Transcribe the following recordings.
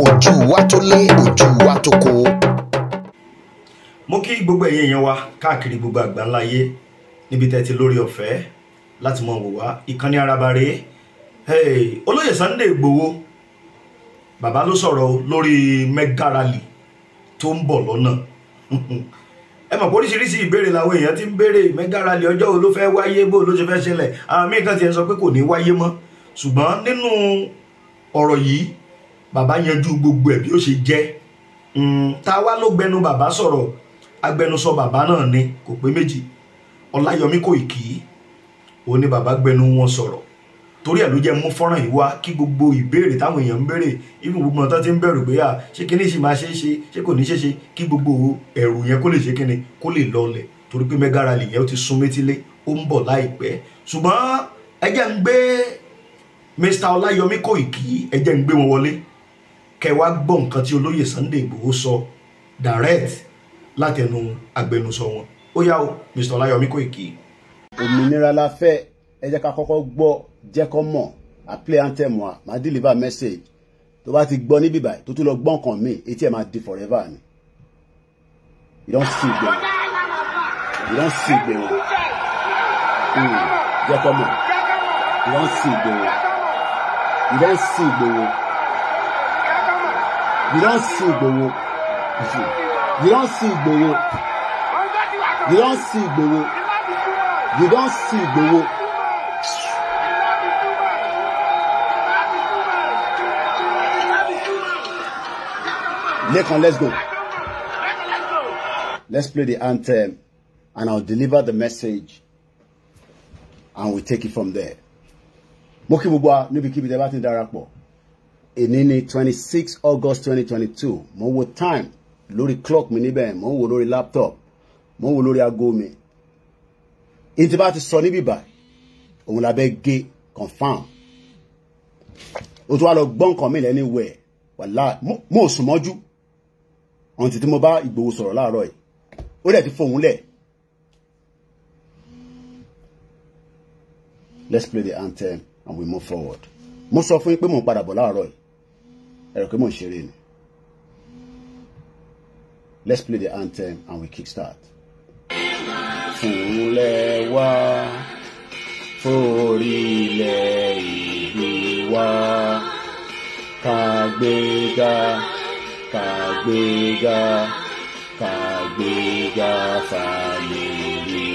ojú wa tó lé ojú wa tó kó. mo kí gbogbo ẹ̀yin èèyàn wa káàkiri gbogbo àgbáńláyé níbi tẹ́ ti lórí ọ̀fẹ́ láti mọ wò wá ìkànnì arabarè olóyè Sunday Igboho bàbá ló sọ̀rọ̀ lórí mega rally tó ń bọ̀ lọ́nà ẹ mọ̀ oríṣiríṣi ìbéèrè làwọn èèyàn ti ń béèrè mega rally ọjọ́ wo ló fẹ́ wáyé bó ló ṣe fẹ́ ṣẹlẹ̀ àwọn míì kan ti ń sọ pé kò ní wáyé mọ́ ṣùgbọ́n nínú ọ̀rọ̀ yìí bàbá yanjú gbogbo ẹ̀ bí ó ṣe jẹ́ hmm, ta wá ló gbẹnu bàbá sọ̀rọ̀ agbẹnusọ bàbá náà ni kò pé méjì Ọláyọmí Kòìkì òun ni bàbá gbẹnu wọn sọ̀rọ̀ torí ẹ ló jẹ mú fọ́nrán yìí wá kí gbogbo ìbéèrè táwọn èèyàn ń béèrè irú gbogbo ọ̀tọ́ ti ń bẹ̀rù pé à ṣé kíní sì máa ṣe é ṣe ṣé kò ní ṣe é ṣe kí gbogbo ẹ̀rù yẹn kó lè ṣe kíni kó lè lọlẹ̀ torí pé mega rally yẹn ó ti sún métílé ó ń bọ̀ láìpẹ́ ṣùgbọ́n ẹ ń gbé Mr Ọláyọmí Kòìkì ẹ jẹ́ ń gbé wọn wọlé kẹ́ wá gbọ́ nǹkan tí olóyè Sunday Igboho sọ direct látẹnu agbẹnusọ wọn ó yá o Mr. Ọláyọmí Kóìkì. òmìnira la fẹ́ ẹ jẹ́ ká kọ́kọ́ gbọ́ jẹ́ kọ́ mọ̀ i play anthem wa ma deliver message tó bá ti gbọ́ níbí báyìí tó tún lọ gbọ́ nǹkan míì etí ẹ̀ máa di forever ni you don see gbẹ̀wò you don see gbẹ̀wò hmm, jẹ́ kọ́ mọ̀ you don see gbẹ̀wò you don see gbẹ̀wò. You don't see Igboho. You don't see Igboho. You don't see Igboho. You don't see Igboho. Lekan, let's go. Let's play the anthem and I'll deliver the message and we take it from there. Mo kí gbogbo níbikíbi tẹ́ èní ni twenty six august twenty twenty two mo wo time lórí clock mi níbẹ̀ mo wo lórí laptop mo wo lórí aago mi n tí bá ti sọ níbí báyìí òun làbẹ́ gé confam o tún wá lọ gbọ́ nǹkan mi lẹ́ni wẹ̀ wàláhì mo sùn mọ́jú ọ̀n títí mo bá Ìgbòho sọ̀rọ̀ láàárọ̀ yìí ó dẹ̀ ti fohùn lẹ̀. let's play the anthem and we move forward. mo sọ fún yín pé mo ń padà bọ̀ láàárọ̀ yìí ẹ̀rọ pé mò ṣeré ni let's play the anthem and we kick start. fúnlẹ̀ wá forílẹ̀ ìlú wa kàgbéga kàgbéga kàgbéga fàmìlì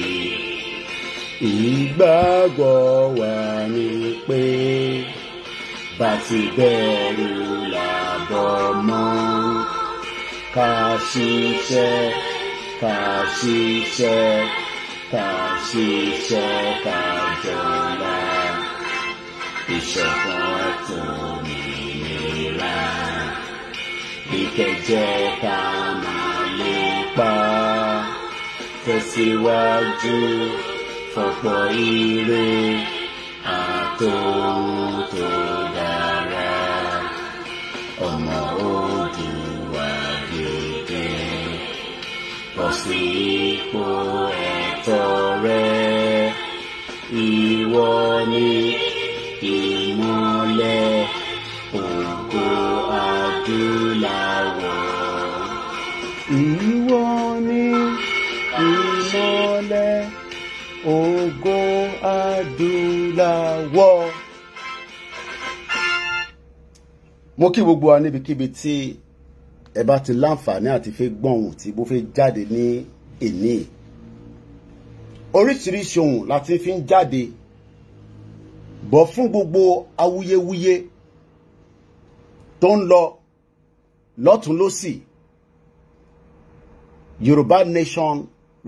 ìgbàgbọ́ wa ni pé bá ti bẹ̀rù mu Kasi się, kasi se, kasi się, kadziora Ìṣọ̀kan òmìnira Ìkẹjẹ ká máa lè pa Tẹ̀síwájú fọ̀pọ̀ ire àtòhun tó dáa. omorduagide lọsípò ẹ̀tọ́ rẹ ìwọ ni mo kí gbogbo wa níbikíbi tí ẹ bá ti láǹfààní àti fẹ́ gbọ́hùn tí mo fẹ́ jáde ní èní oríṣiríṣi ohun láti fi ń jáde bọ̀ fún gbogbo awuyewuye tó ń lọ lọ́tún Yorùbá nation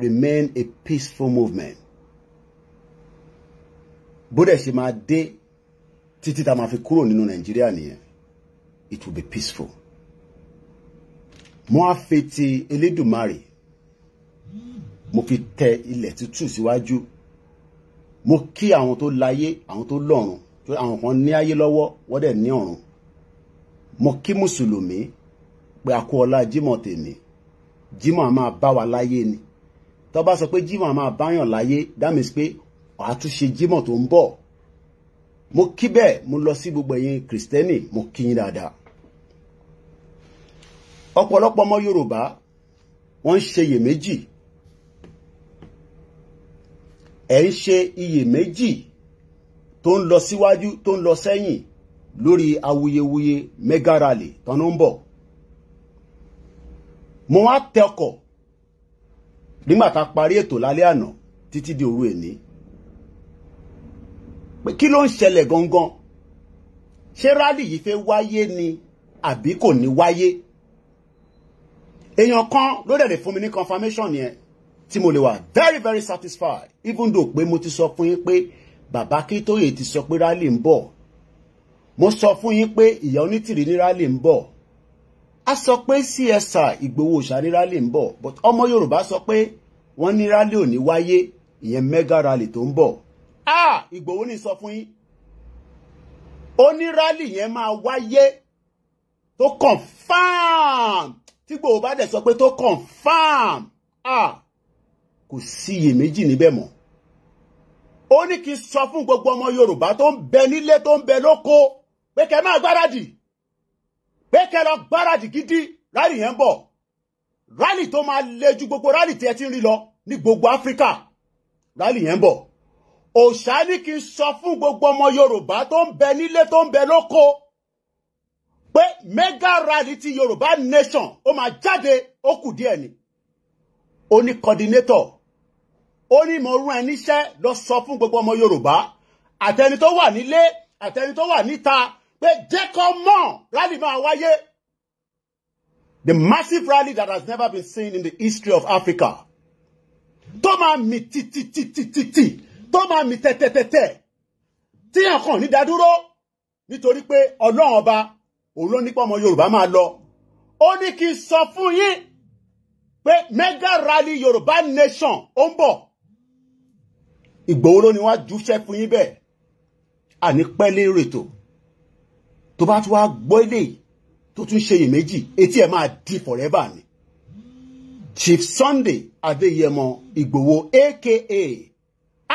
remain a peaceful movement bó dẹ̀ ṣe máa dé títí tá a máa fi kúrò nínú Nàìjíríà nìyẹn it will be peaceful. Mo afeti fetí Elédùmarè. Mo fi tẹ ilẹ̀ tútù síwájú. Mo kí àwọn tó láyé, àwọn tó lọ́run, àwọn kan ní ayé lọ́wọ́, wọ́n dẹ̀ ni. ọ̀run. Mo kí Mùsùlùmí pé a kú ọlá Jímọ̀ tèmi. Jímọ̀ a wa láyé ni. Tó bá sọ pé Jímọ̀ a máa báyàn láyé, that means pé àtúnṣe Jímọ̀ tó ń bọ̀ mo kí bẹ́ẹ̀ mo lọ sí gbogbo ẹ̀yin kìrìsìtẹ́nì mo kí yín dáadáa ọ̀pọ̀lọpọ̀ ọmọ yorùbá wọ́n ń ṣe iyèméjì ẹ̀ ń ṣe iyèméjì tó ń lọ síwájú tó ń lọ sẹ́yìn lórí awuyewuye mega rally tọ́nú ń bọ̀ mo wá tẹ ọkọ̀ nígbà tá a parí ètò lálẹ́ àná títí di òru èní pé kí ló ń ṣẹlẹ̀ gangan ṣé rálì yìí fẹ́ wáyé ni àbí kò ní wáyé èèyàn kan ló dẹ̀ fún mi ní confirmation yẹn tí mo lè wà very very satisfied even though pé mo ti sọ fún yín pé bàbá Akíntóyè ti sọ pé rálì ń bọ̀ mo sọ fún yín pé ìyá onítìrí ní rálì ń bọ̀ a sọ pé CSI Ìgbòho Òòṣà ní rálì ń bọ̀ but ọmọ Yorùbá sọ pé wọ́n ní rálì ò ní wáyé ìyẹn mega rally tó ń bọ̀ Ìgbòho ní sọ fún yín ó ní rálì yẹn máa wáyé tó confam tí Ìgbòho bá dẹ̀ sọ pé tó confam kò síyèméjì níbẹ̀ mọ́ ó ní kí n sọ fún gbogbo ọmọ Yorùbá tó ń bẹ nílé tó ń bẹ lóko pé kẹ́ máa gbáradì pé kẹ́ lọ gbáradì gidi rálì yẹn ń rálì tó máa le ju gbogbo rálì tí ẹ ti ń rí lọ ní gbogbo Áfíríkà rálì yẹn ń òṣà ní kí n sọ fún gbogbo ọmọ yorùbá tó ń bẹ nílé tó ń bẹ lóko pé mega rally ti yorùbá nation ó máa jáde ó kù díẹ̀ ni ó ní coordinator ó ní mo rún ẹ níṣẹ́ lọ sọ fún gbogbo ọmọ yorùbá àtẹni tó wà nílé àtẹni tó wà níta pé jẹ́ rally máa wáyé the massive rally that has never been seen in the history of Africa tó máa mì tìtìtìtìtì tó máa mì tẹ̀tẹ̀tẹ̀tẹ̀ tíyàn kan ní dádúró nítorí pé ọlọ́run ọba òun ló nípa ọmọ yorùbá máa lọ ó ní kí n sọ fún yín pé mega rally yorùbá nation ó ń bọ̀ ìgbòho ló ní wá júṣẹ́ fún yín bẹ́ẹ̀ àní pẹ́lẹ́ rètò tó bá tún wá gbọ́ eléyìí tó tún ṣe iyèméjì etí ẹ̀ máa di forever ni Chief Sunday Adéyẹmọ Ìgbòho aka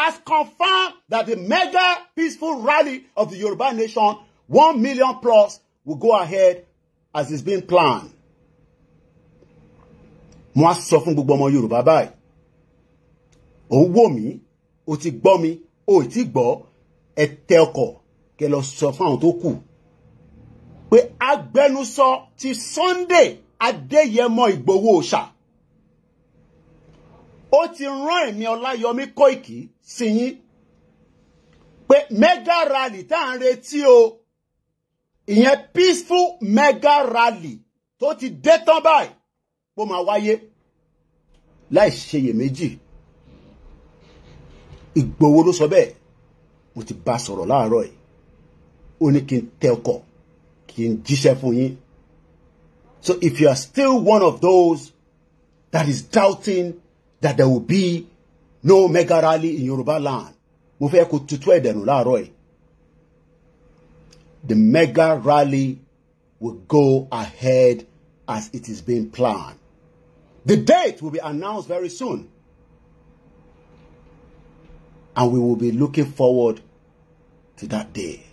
has confirmed that the mega peaceful rally of the Yoruba nation, 1 million plus, will go ahead as it's been planned. Mo á sọ fún gbogbo ọmọ Yorùbá báyìí. Ò ń wò o ti gbọ́ mi, o ti tí gbọ́, ẹ tẹ ọkọ̀ kẹ lọ sọ fún àwọn tó kù. Pé agbẹnusọ ti Sunday Adéyẹmọ Ìgbòho Òòṣà ó ti rán ẹ̀mí Ọláyọmí Kóìkì sí yín pé mega rally tá à ń retí o ìyẹn peaceful mega rally tó ti dé tán báyìí bó máa wáyé láì ṣeyèméjì Ìgbòho ló sọ bẹ́ẹ̀ mo ti bá sọ̀rọ̀ láàárọ̀ yìí ó ní kí n tẹ ọkọ̀ kí n jíṣẹ́ fún yín so if you are still one of those that is doubting that there will be no mega rally in Yoruba land. Mo fẹ́ kó tutù ẹ̀dẹ̀ nù láàárọ̀ yìí. The mega rally will go ahead as it is being planned. The date will be announced very soon. And we will be looking forward to that day.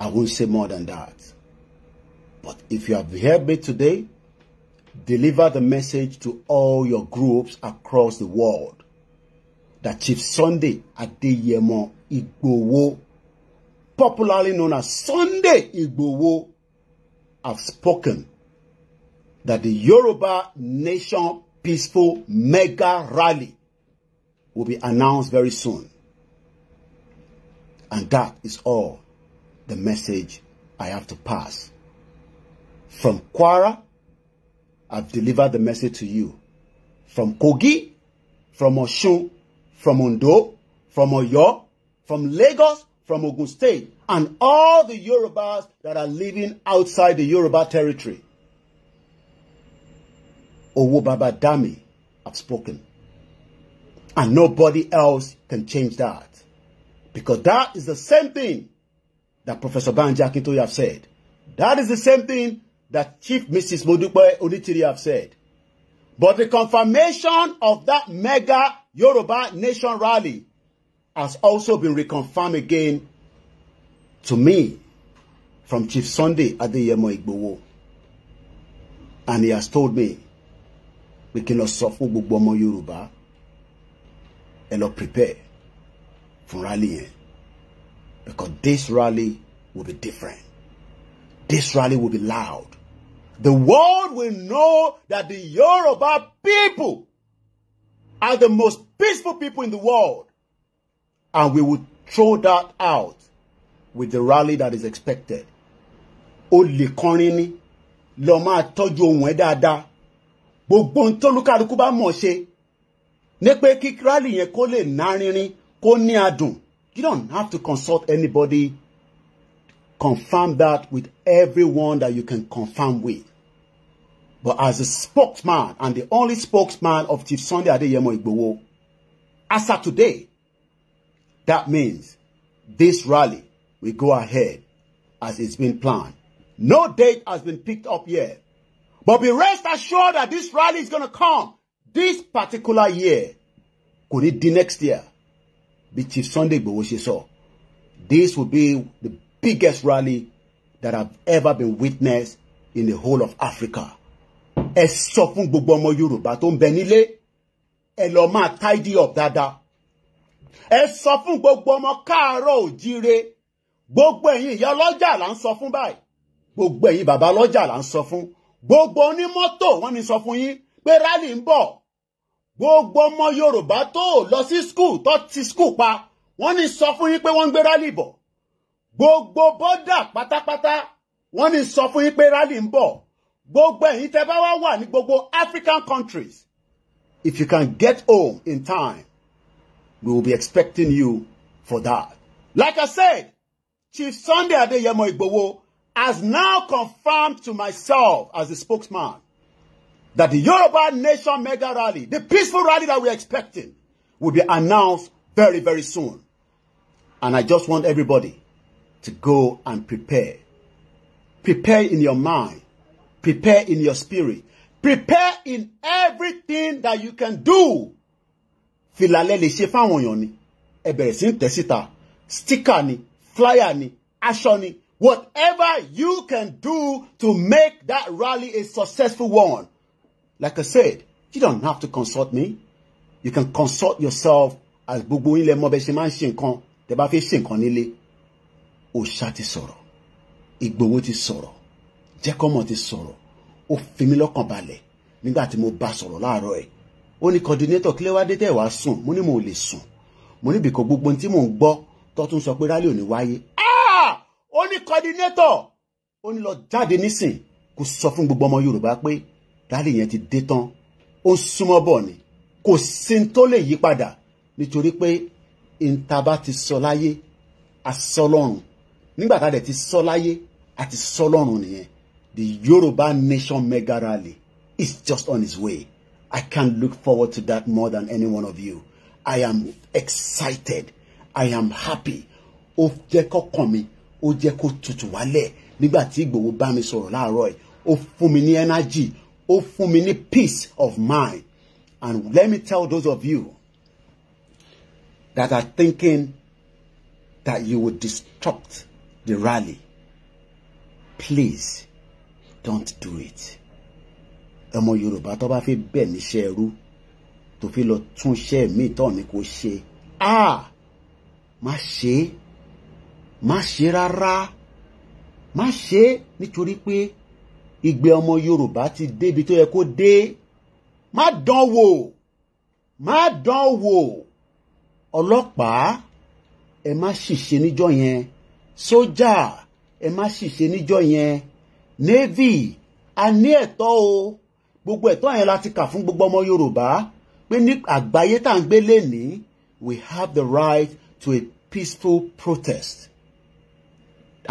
I won't say more than that. But if you have heard me today, Deliver the message to all your groups across the world that Chief Sunday Adeyemo Igbowo, popularly known as Sunday Igbowo, have spoken that the Yoruba Nation Peaceful Mega Rally will be announced very soon. And that is all the message I have to pass. From Kwara I've delivered the message to you. From Kogi, from Oshun, from Ondo, from Oyo, from Lagos, from Ogun State, and all the Yorubas that are living outside the Yoruba territory. Owo Baba Dami, I've spoken. And nobody else can change that. Because that is the same thing that Professor Banji Akintoye have said. That is the same thing that Chief Mrs. Modupe Onitiri have said. But the confirmation of that mega Yoruba nation rally has also been reconfirmed again to me from Chief Sunday Adeyemo Igbowo. And he has told me, we cannot suffer gbogbo Yorùbá. and not prepare for rallying. Because this rally will be different. This rally will be loud. the world will know that the Yoruba people are the most peaceful people in the world. And we will throw that out with the rally that is expected. Ó lè kọrin ni, lọ máa tọ́jú ohun ẹ̀ dáadáa. Gbogbo ohun rally yẹn kó lè nárinrin, You don't have to consult anybody confirm that with everyone that you can confirm with. But as a spokesman and the only spokesman of Chief Sunday Adeyemo Igbowo, as of today, that means this rally will go ahead as it's been planned. No date has been picked up yet. But be rest assured that this rally is going to come this particular year. Could it be next year? Be Chief Sunday Igbowo she saw. This will be the biggest rally that I've ever been witness in the whole of Africa. Ẹ sọ fún gbogbo ọmọ Yorùbá tó ń bẹ nílé, ẹ lọ máa tidy up dáadáa. Ẹ sọ fún gbogbo ọmọ káàárọ̀ òjíire, gbogbo ẹ̀yin ìyá ọlọ́jà là ń sọ fún báyìí, gbogbo ẹ̀yin bàbá ọlọ́jà là ń sọ fún, gbogbo onímọ́tò wọ́n ní sọ fún yín pé rally ń bọ̀. Gbogbo ọmọ Yorùbá tó lọ sí skul tó ti skul pa, wọ́n ní sọ fún yín pé wọ́n ń gbé rally bọ̀ gbogbo bọ́dà pátápátá wọ́n ní sọ fún yín pé rally ń bọ̀ gbogbo ẹ̀yin tẹ́ bá wá wà ní gbogbo African countries if you can get home in time we will be expecting you for that. Like I said, Chief Sunday Adeyemo Igboho has now confirmed to myself as the spokesman that the Yoruba Nation mega rally, the peaceful rally that we are expecting, will be announced very, very soon. And I just want everybody to go and prepare. Prepare in your mind. Prepare in your spirit. Prepare in everything that you can do. Filalẹ́ lè ṣe fáwọn èèyàn ni. Ẹ bẹ̀rẹ̀ sí Sticker ni, flyer ni, ni. Whatever you can do to make that rally a successful one. Like I said, you don't have to consult me. You can consult yourself as Bubu in mọ́ bẹ́ẹ̀ ṣe máa ń ṣe òòṣà ti sọ̀rọ̀ ìgbòho ti sọ̀rọ̀ jẹ́kọ́mọ̀ ti sọ̀rọ̀ ó fi mí lọ́kàn balẹ̀ nígbà tí mo bá sọ̀rọ̀ láàárọ̀ ẹ̀ ó ní kọ́ndínétọ̀ kílẹ̀ wá dé tẹ̀ wá sùn mo ní mo lè sùn mo níbi kan gbogbo tí mò ń gbọ́ tó tún sọ pé rálẹ̀ ò ní wáyé ah! ó ní kọ́ndínétọ̀ ó ní lọ jáde nísìn kó sọ fún gbogbo ọmọ Yorùbá pé rálẹ̀ yẹn ti dé tán ó ń súnmọ́ bọ̀ ni kò sí tó lè yí padà nítorí pé ìntaba ti sọ láyé asọ́lọ́run nígbà tá a dẹ̀ ti sọ láyé àti sọ lọ́run nìyẹn the Yorùbá nation mega rally is just on its way I can look forward to that more than any one of you I am excited I am happy ó jẹ́ kọ́kàn mi ó jẹ́ kó tutù wálẹ̀ nígbà tí Ìgbòho bá mi sọ̀rọ̀ láàárọ̀ yìí ó fún mi ní energy ó fún mi ní peace of mind and let me tell those of you that are thinking that you would disrupt the rally. Please don't do it. Ọmọ Yorùbá tó bá fi bẹ̀ níṣẹ́ ẹrú tó fi lọ túnṣẹ́ míì tó ní kó ṣe. Ah! Má ṣe é, má ṣe rárá, má ṣe é nítorí pé ìgbé ọmọ Yorùbá ti débi tó yẹ kó dé. Má dán wò, má dán wò, ọlọ́pàá ẹ má ṣìṣe níjọ́ yẹn sójà ẹ má ṣìṣe níjọ́ yẹn navy a ní ẹ̀tọ́ o gbogbo ẹ̀tọ́ yẹn la ti kà fún gbogbo ọmọ yorùbá pé ní àgbáyé tá à ń gbé lénìí we have the right to a peaceful protest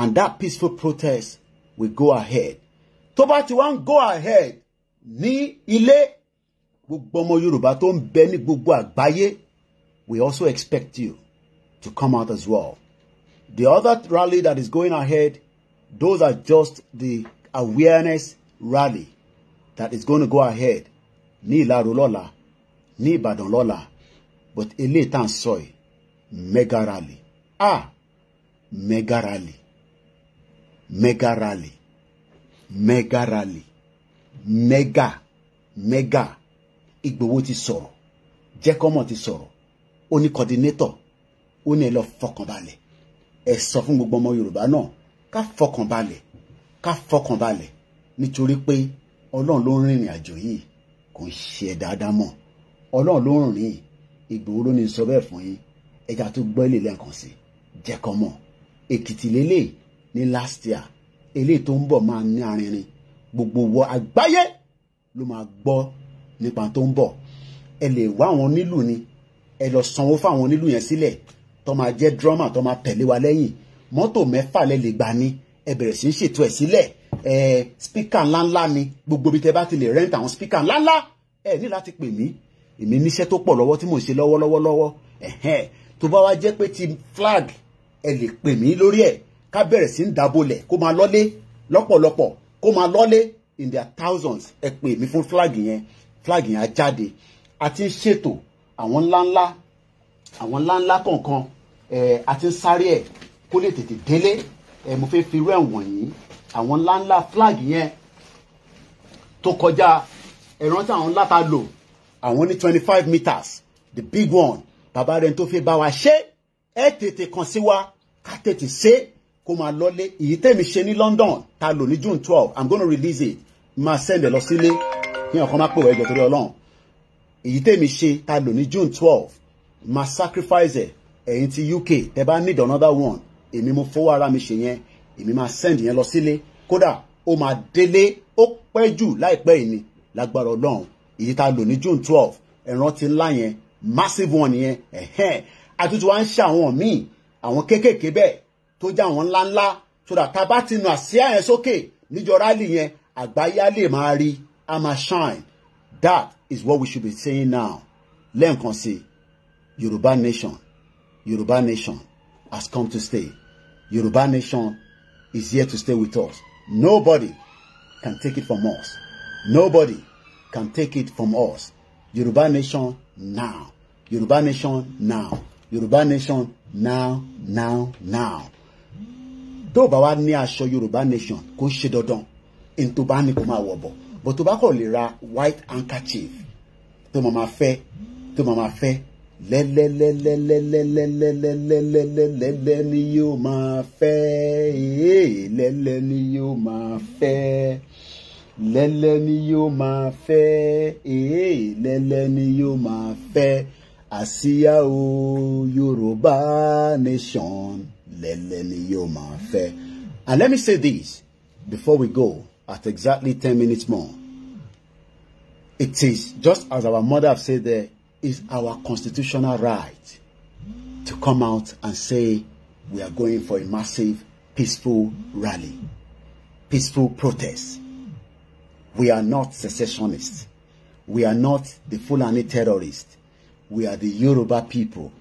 and that peaceful protest will go ahead tó bá ti wá ń go ahead ní ilé gbogbo ọmọ yorùbá tó ń bẹ ní gbogbo àgbáyé we also expect you to come out as well. The other rally that is going ahead, those are just the awareness rally that is going to go ahead ní Ìlaro lọ́la ní Ìbàdàn lola, but eléyìí tá mega rally ah mega rally mega rally mega rally mega mega Ìgbòho ti sọ̀rọ̀ jẹ́kọ́mọ̀ ti sọ̀rọ̀ ó coordinator ó ní ẹ fọkànbalẹ̀ ẹ sọ fún gbogbo ọmọ yorùbá náà ká fọkàn balẹ̀ ká fọkàn balẹ̀ nítorí pé ọlọ́run ló ń rìnrìn àjò yìí kò ń ṣe ẹ̀ dáadáa mọ̀ ọlọ́run ló ń rìn ìgbòho ló ní sọ bẹ́ẹ̀ fún yín ẹja tó gbọ́ ilé lẹ́ẹ̀kan sí jẹ́kọ̀ mọ̀ èkìtì lélẹ̀ ní last year eléyìí tó ń bọ̀ máa ní arinrin gbogbo wọ àgbáyé ló máa gbọ́ nípa tó ń bọ̀ ẹ lè wá àwọn onílù ni ẹ lọ sanwó fáwọn onílù yẹn sílẹ̀ tó máa jẹ́ drama tó máa tẹ̀lé wa lẹ́yìn mọ́tò mẹ́fà lẹ lè gbà ni ẹ bẹ̀rẹ̀ sí í ṣètò ẹ̀ sílẹ̀ ẹ spíkà ńláńlá ni gbogbo ibi tẹ bá ti lè rẹ́ǹtì àwọn spíkà ńláńlá ẹ ní láti pè mí èmi níṣẹ́ tó pọ̀ lọ́wọ́ tí mò ń ṣe lọ́wọ́lọ́wọ́ lọ́wọ́ ẹ̀hẹ́n tó bá wá jẹ́ pé ti flag ẹ lè pè mí lórí ẹ̀ ká bẹ̀rẹ̀ sí ń dabolẹ̀ kó máa lọ́lé lọ́pọ̀lọpọ̀ kó máa lọ́lé in their thousands ẹ pè mí fún flag yẹn flag yẹn á jáde àti ṣètò àwọn ńláńlá àwọn ńláńlá kọ̀ọ̀kan àti sáré ẹ̀ kó lè tètè délé mo fẹ́ fi irú ẹ̀ wọ̀nyí àwọn ńláńlá flag yẹn tó kọjá ẹ̀rọ tí àwọn ńlá ta lò àwọn ní twenty five meters the big one bàbá rẹ̀ tó fi bá wa ṣe ẹ tètè kàn sí wa ká tètè ṣe kó máa lọ́lé èyí tẹ̀mí ṣe ní London ta lò ní June twelve I'm gonna release it máa send ẹ lọ sílé kí ọkàn má pè wọ ẹjọ́ torí Ọlọ́run èyí tẹ̀mí ṣe ta lò ní June twelve máa sacrifice ẹ̀ ẹ̀yin ti UK tẹ́ bá need another one èmi mo fowó ara mi ṣe yẹn èmi máa send yẹn lọ sílé kódà ó máa délé ó pẹ́ jù láìpẹ́ yìí ni lágbára ọlọ́run èyí tá a lò ní June twelve ẹ̀ràn ti ńlá yẹn massive one yẹn ẹ̀hẹ́n àtúntò wa ń ṣe àwọn míì àwọn kéékèèké bẹ́ẹ̀ tó jẹ́ àwọn ńláńlá tó dà tá a bá ti nù àsíá yẹn sókè níjọ rálì yẹn àgbáyé á lè máa rí a máa shine that is what we should be saying now lẹ́ǹkan sí i Yoruba nation, Yoruba nation has come to stay. Yoruba nation is here to stay with us. Nobody can take it from us. Nobody can take it from us. Yoruba nation now. Yoruba nation now. Yoruba nation now, now, now. Tó o bá wá ní aṣọ Yorùbá nation kò ń ṣe dandan ní tó bá ní kó máa wọ̀ bọ̀. Bọ̀ tó bá kọ̀ lè ra white handkerchief tó máa máa fẹ́ tó máa máa fẹ́ lẹ́lẹ́lẹ́lẹ́lẹ́lẹ́lẹ́lẹ́lẹ́lẹ́lẹ́lẹ́ ni yóò máa fẹ́ lẹ́lẹ́ ni yóò máa fẹ́ lẹ́lẹ́ ni yóò máa fẹ́ lẹ́lẹ́ ni yóò máa fẹ́ nation lẹ́lẹ́ ni yóò máa And let me say this before we go at exactly ten minutes more. It is just as our mother said there. is our constitutional right to come out and say we are going for a massive peaceful rally, peaceful protest. We are not secessionists. We are not the Fulani terrorists. We are the Yoruba people.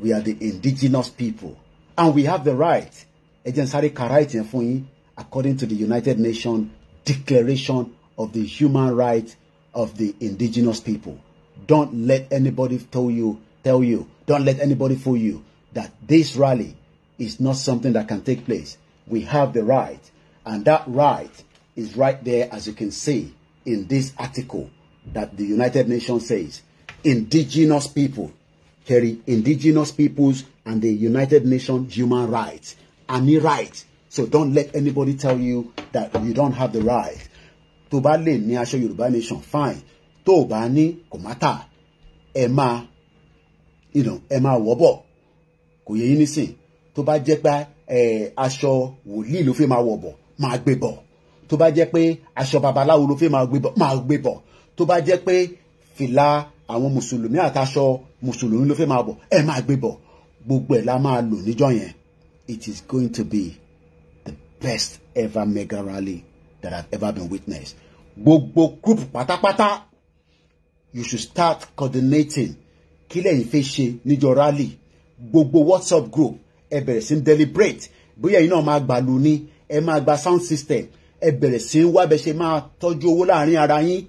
We are the indigenous people. And we have the right, according to the United Nations Declaration of the Human Rights of the Indigenous People. Don't let anybody tell you, tell you, don't let anybody fool you that this rally is not something that can take place. We have the right, and that right is right there, as you can see in this article that the United Nations says indigenous people carry indigenous peoples and the United Nations human rights, any right. So don't let anybody tell you that you don't have the right. Tó bá lè you aṣọ Yorùbá nation fine tó o bá ní kòmátà ẹ máa ẹ máa wọ́ bọ̀ kò yẹ yín nísìn tó bá jẹ́ pé aṣọ wòlíì ló fi máa wọ̀ bọ̀ máa gbé bọ̀ tó bá jẹ́ pé aṣọ babaláwo ló fi máa gbé bọ̀ máa gbé bọ̀ tó bá jẹ́ pé fìlà àwọn mùsùlùmí àtàṣọ mùsùlùmí ló fi máa bọ̀ ẹ máa gbé bọ̀ gbogbo ẹ̀ la máa lò níjọ́ yẹn it is going to be the best ever mega rally that I've ever been witnessed gbogbo group pátápátá you should start coordinating kí lẹ́yìn fẹ́ ṣe níjọ rally gbogbo whatsapp group ẹ bẹ̀rẹ̀ sí deliberate bóyá yìí náà máa gbà lù ní ẹ máa gba sound system ẹ bẹ̀rẹ̀ sí wá bẹ ṣe máa tọ́jú owó láàrin ara yín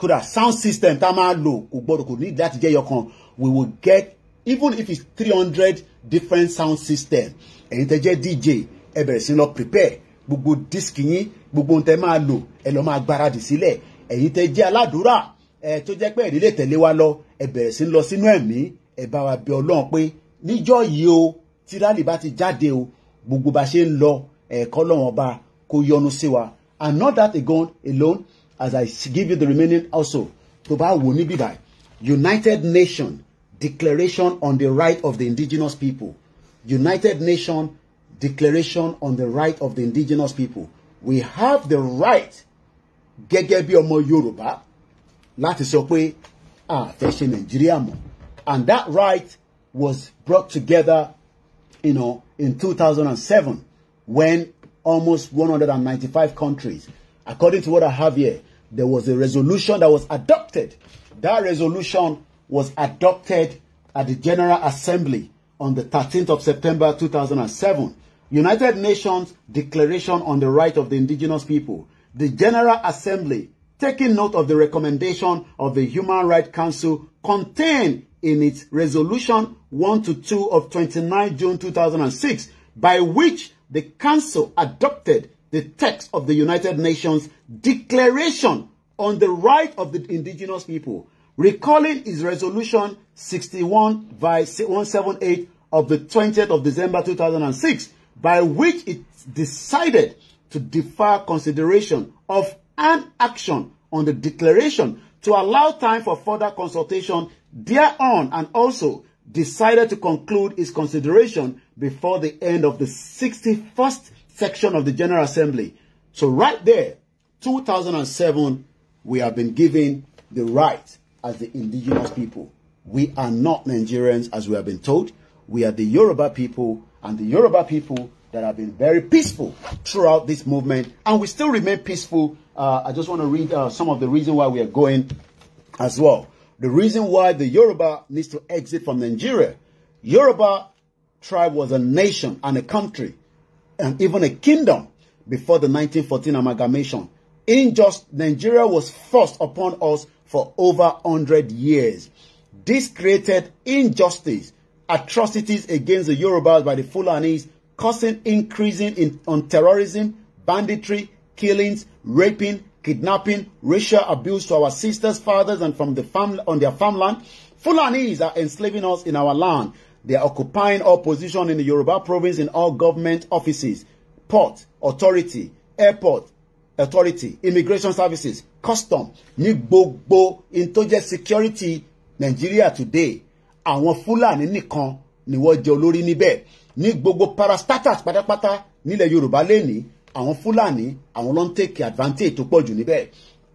kódà sound system tá a máa lò kò gbọ́dọ̀ kò ní láti jẹ́ yọkan we will get even if it's three hundred different sound system ẹ̀yin tẹ́ jẹ́ dj ẹ bẹ̀rẹ̀ sí lọ prepare gbogbo disc yín gbogbo ohun tẹ́ máa lò ẹ lọ máa gbáradì sílẹ̀ ẹ̀yin tẹ́ jẹ́ aládùúrà ẹ tó jẹ́ pé ẹ̀rí lè tẹ̀lé wa lọ ẹ bẹ̀rẹ̀ sí lọ sínú ẹ̀mí ẹ bá wa bẹ ọlọ́run pé níjọ́ yìí o tí rálì bá ti jáde o gbogbo bá ṣe ń lọ ẹ̀kọ́ lọ́wọ́n ọba kó yọ́nú sí wa and not that again alone as I give you the remaining also tó bá wò níbí báyìí United Nations Declaration on the Right of the Indigenous People United Nations Declaration on the Right of the Indigenous People we have the right gẹ́gẹ́ bí ọmọ Yorùbá láti sọ pé a fẹ́ ṣe nàìjíríà mọ́ and that right was brought together you know, in 2007 when almost 195 countries, according to what I have here, there was a resolution that was adopted. That resolution was adopted at the General Assembly on the 13th of September 2007. United Nations Declaration on the Right of the Indigenous People. The General Assembly taking note of the recommendation of the Human Rights Council contained in its resolution 1 to 2 of 29 June 2006, by which the Council adopted the text of the United Nations Declaration on the Right of the Indigenous People, recalling its resolution 61 by 178 of the 20th of December 2006, by which it decided to defer consideration of and action on the declaration to allow time for further consultation thereon and also decided to conclude its consideration before the end of the 61st section of the General Assembly. So right there, 2007, we have been given the right as the indigenous people. We are not Nigerians as we have been told. We are the Yoruba people and the Yoruba people that have been very peaceful throughout this movement and we still remain peaceful uh, I just want to read uh, some of the reason why we are going as well. The reason why the Yoruba needs to exit from Nigeria. Yoruba tribe was a nation and a country and even a kingdom before the 1914 amalgamation. Injust Nigeria was forced upon us for over 100 years. This created injustice, atrocities against the Yorubas by the Fulanis, causing increasing in, on terrorism, banditry, killings, raping, kidnapping, racial abuse to our sisters, fathers, and from the fam- on their farmland. Fulanis are enslaving us in our land. They are occupying all positions in the Yoruba province in all government offices, port authority, airport authority, immigration services, custom, ní gbogbo in security Nigeria today. Àwọn Fulani nìkan ni wọ́n jẹ́ olórí níbẹ̀. Ní gbogbo parastatals pátápátá nílẹ̀ Yorùbá lénìí àwọn fúlàní àwọn ló ń take advantage tó pọ̀ jù níbẹ̀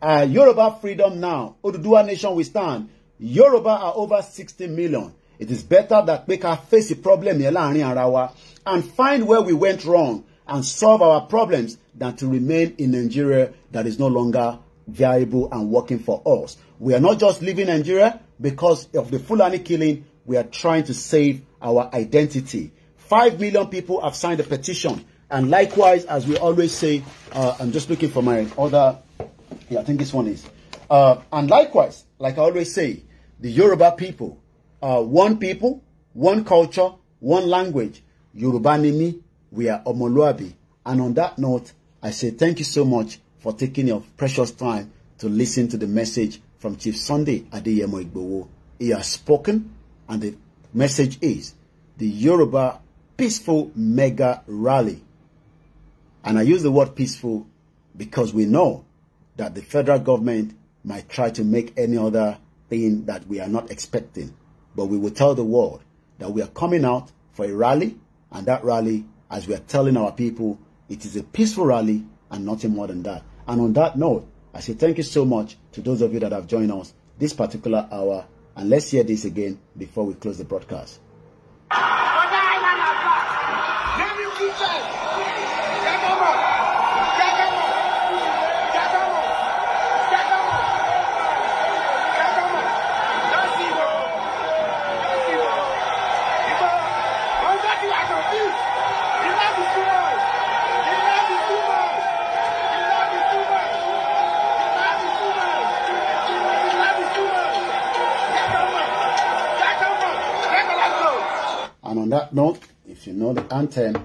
uh, Yoruba freedom now Oduduwa nation we stand Yoruba are over sixty million it is better that pé ká face the problem yẹn láàrin ara wa and find where we went wrong and solve our problems than to remain in Nigeria that is no longer viable and working for us. We are not just leaving Nigeria because of the Fulani killing. We are trying to save our identity. Five million people have signed a petition And likewise, as we always say, uh, I'm just looking for my other, yeah, I think this one is. Uh, and likewise, like I always say, the Yoruba people are uh, one people, one culture, one language. Yoruba Nimi, we are Omoluabi. And on that note, I say thank you so much for taking your precious time to listen to the message from Chief Sunday Adeyemo Igbowo. He has spoken, and the message is the Yoruba Peaceful Mega Rally and I use the word peaceful because we know that the federal government might try to make any other thing that we are not expecting. But we will tell the world that we are coming out for a rally, and that rally, as we are telling our people, it is a peaceful rally and nothing more than that. And on that note, I say thank you so much to those of you that have joined us this particular hour. And let's hear this again before we close the broadcast. And on that note, if you know the anthem,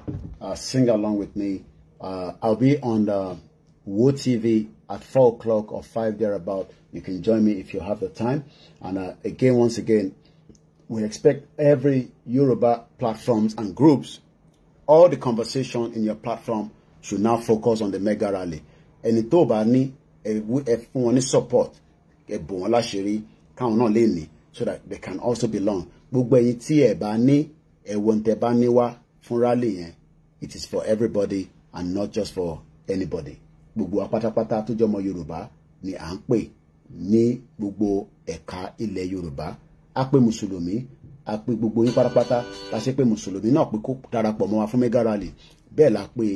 uh, sing along with me. Uh, I'll be on the Woo TV at 4 o'clock or 5 thereabout. You can join me if you have the time. And uh, again, once again, we expect every Yoruba platforms and groups, all the conversation in your platform should now focus on the mega rally. And tó ní we support, bò so that they can also belong. Gbogbo ẹ̀wọ̀n tẹ́ bá ní wá fún rally yẹn it is for everybody and not just for anybody gbogbo apátápátá tó jọmọ yorùbá ni à ń pè ní gbogbo ẹ̀ka ilẹ̀ yorùbá a pè mùsùlùmí a pè gbogbo yín pátápátá la ṣe pé mùsùlùmí náà pé kó darapọ̀ mọ́ wa fún mega rally bẹ́ẹ̀ la pè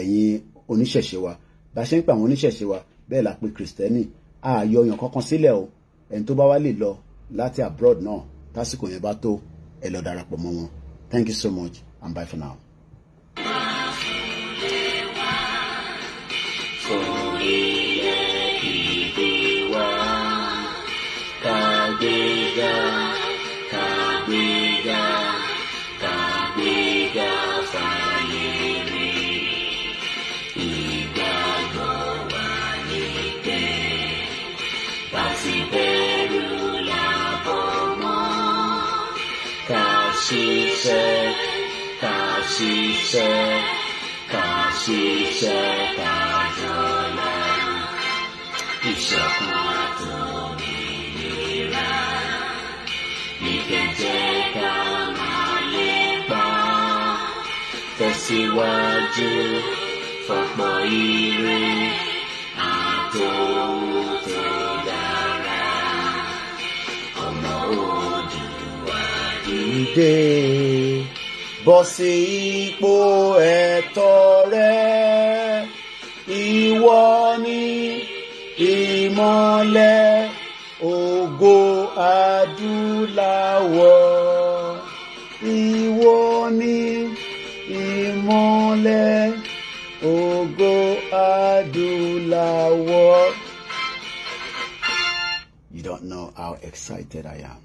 ẹ̀yin oníṣẹ̀ṣe wa bá a ṣe ń pè àwọn oníṣẹ̀ṣe wa bẹ́ẹ̀ la pè kìrìsìtẹ́nì ààyò ọyàn sílẹ̀ o ẹni tó bá wá lè lọ láti abroad náà tásìkò yẹn bá tó ẹ lọ darapọ̀ mọ́ wọn thank you so much and bye for now. 舍，大喜舍，大喜舍，大若那，一舍花足弥尼那，一天接到那耶巴，得西瓦住，佛摩伊瑞阿多。dìde bọ́ sí ipò ẹ̀tọ́ rẹ ìwọ ni ìmọ́lẹ̀ ògo adúláwọ̀ ìwọ ni ìmọ́lẹ̀ ògo adúláwọ̀. You don't know how excited I am.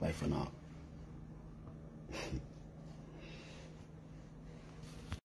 Bye for now.